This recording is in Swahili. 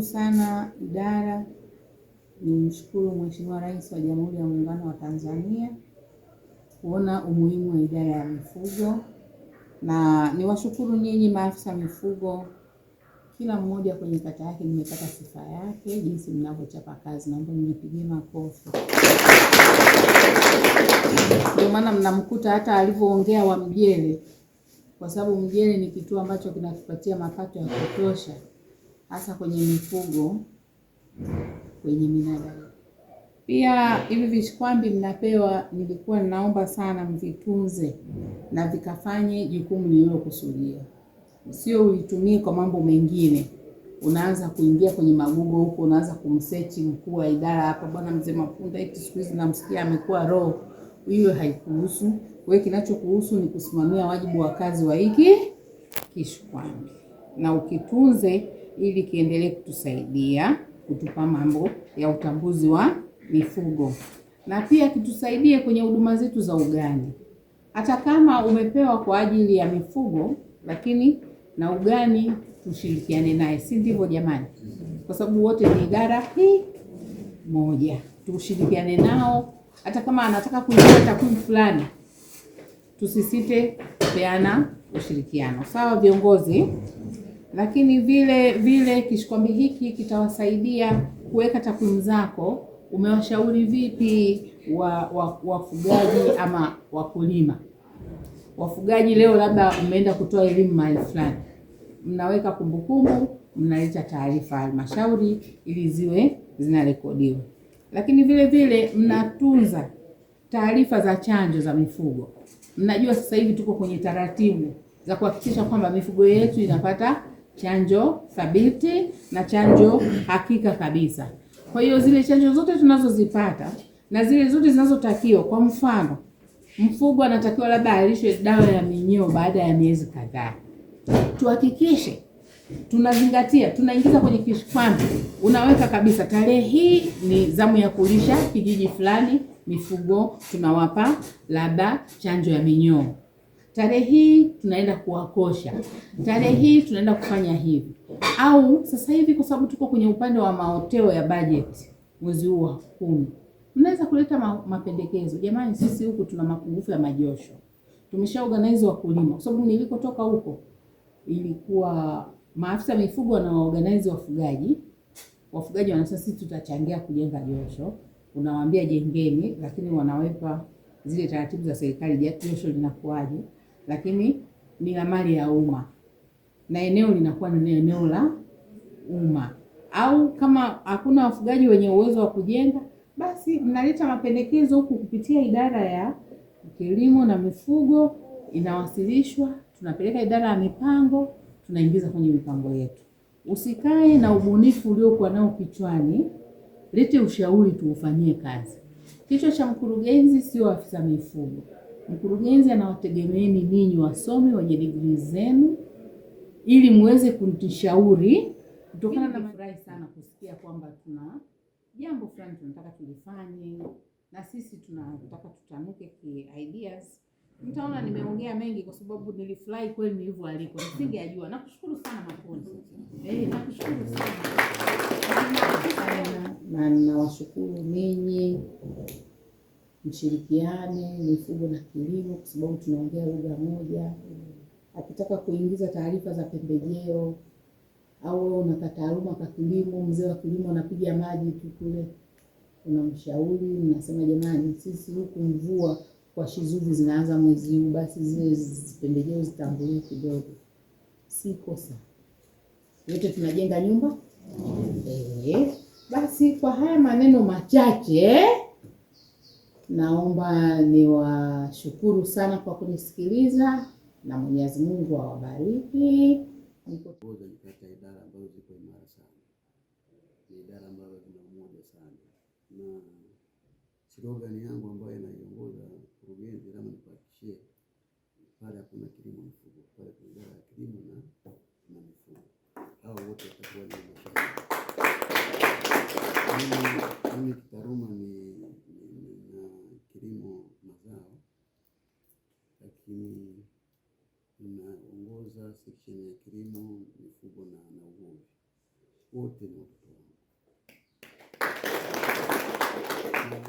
sana idara ni mshukuru Mheshimiwa Rais wa Jamhuri ya Muungano wa Tanzania kuona umuhimu wa idara ya mifugo, na niwashukuru nyinyi maafisa mifugo, kila mmoja kwenye kata yake nimepata sifa yake, jinsi mnavyochapa kazi, naomba mnipigie makofi. Ndio maana mnamkuta hata alivyoongea wa Mjele, kwa sababu Mjele ni kituo ambacho kinatupatia mapato ya kutosha hasa kwenye mifugo, kwenye binadamu pia. Hivi vishikwambi mnapewa, nilikuwa ninaomba sana mvitunze na vikafanye jukumu lililokusudia, sio uitumie kwa mambo mengine unaanza kuingia kwenye magugo huko, unaanza kumsechi mkuu wa idara hapa, bwana mzee Mapunda, eti siku hizi namsikia amekuwa roho. Hiyo haikuhusu wewe, kinachokuhusu ni kusimamia wajibu wa kazi wa hiki kishkwambi na ukitunze ili kiendelee kutusaidia kutupa mambo ya utambuzi wa mifugo na pia kitusaidie kwenye huduma zetu za ugani. Hata kama umepewa kwa ajili ya mifugo, lakini na ugani tushirikiane naye, si ndivyo jamani? Kwa sababu wote ni idara hii moja, tushirikiane nao. Hata kama anataka kuingia takwimu fulani, tusisite kupeana ushirikiano. Sawa viongozi? lakini vile vile kishikwambi hiki kitawasaidia kuweka takwimu zako. Umewashauri vipi wafugaji wa, wa ama wakulima wafugaji? Leo labda umeenda kutoa elimu mahali fulani, mnaweka kumbukumbu, mnaleta taarifa halmashauri ili ziwe zinarekodiwa, lakini vile vile mnatunza taarifa za chanjo za mifugo. Mnajua sasa hivi tuko kwenye taratibu za kuhakikisha kwamba mifugo yetu inapata chanjo thabiti na chanjo hakika kabisa. Kwa hiyo zile chanjo zote tunazozipata na zile zote zinazotakiwa, kwa mfano mfugo anatakiwa labda alishwe dawa ya minyoo baada ya miezi kadhaa, tuhakikishe tunazingatia tunaingiza kwenye kishikwambi, unaweka kabisa tarehe hii ni zamu ya kulisha kijiji fulani, mifugo tunawapa labda chanjo ya minyoo tarehe hii tunaenda kuwakosha, tarehe hii tunaenda kufanya hivi. Au sasa hivi kwa sababu tuko kwenye upande wa maoteo ya bajeti mwezi huu wa kumi, mnaweza kuleta ma mapendekezo. Jamani, sisi huku tuna mapungufu ya majosho, tumesha organize wakulima, kwa sababu nilikotoka huko ilikuwa maafisa mifugo na waorganize wafugaji. Wafugaji wanasema sisi tutachangia kujenga josho, unawaambia jengeni, lakini wanaweka zile taratibu za serikali, josho linakuwaje? lakini ni la mali ya umma na eneo linakuwa ni eneo la umma, au kama hakuna wafugaji wenye uwezo wa kujenga, basi mnaleta mapendekezo huku kupitia idara ya kilimo na mifugo, inawasilishwa, tunapeleka idara ya mipango, tunaingiza kwenye mipango yetu. Usikae na ubunifu uliokuwa nao kichwani, lete ushauri tuufanyie kazi. Kichwa cha mkurugenzi sio afisa mifugo. Mkurugenzi anawategemeni ninyi wasomi wenye digrii zenu ili muweze kunishauri kutokana na furahi sana kusikia kwamba tuna jambo fulani tunataka tulifanye na sisi tunataka tutanuke ki ideas. Mtaona nimeongea mengi kwa sababu nilifurahi kweli nilivyoalikwa, nisingejua. Nakushukuru sana Makonzi, eh, nakushukuru sana na ninawashukuru ninyi mshirikiane mifugo na kilimo, kwa sababu tunaongea lugha moja. Akitaka kuingiza taarifa za pembejeo au unaka taaluma kwa kilimo, mzee wa kilimo anapiga maji tu kule, unamshauri unasema, jamani, sisi huku mvua kwa shizuzi zinaanza mwezi huu, basi zile pembejeo zitangulie kidogo. Si kosa, yote tunajenga nyumba. Mm. E, basi kwa haya maneno machache Naomba niwashukuru sana kwa kunisikiliza na Mwenyezi Mungu awabariki. Katika idara ambazo ziko imara sana, ni idara ambazo zina umoja sana, na slogani yangu ambayo inaiongoza mkurugenzi, lama nikuhakikishie, pale hakuna kilimo mfugo, pale kuna idara ya kilimo na mifugo, hao wote watakuwa ni mimi kitaaluma lakini inaongoza section ya kilimo, mifugo na, na uvuvi. Wote ni watoto wangu.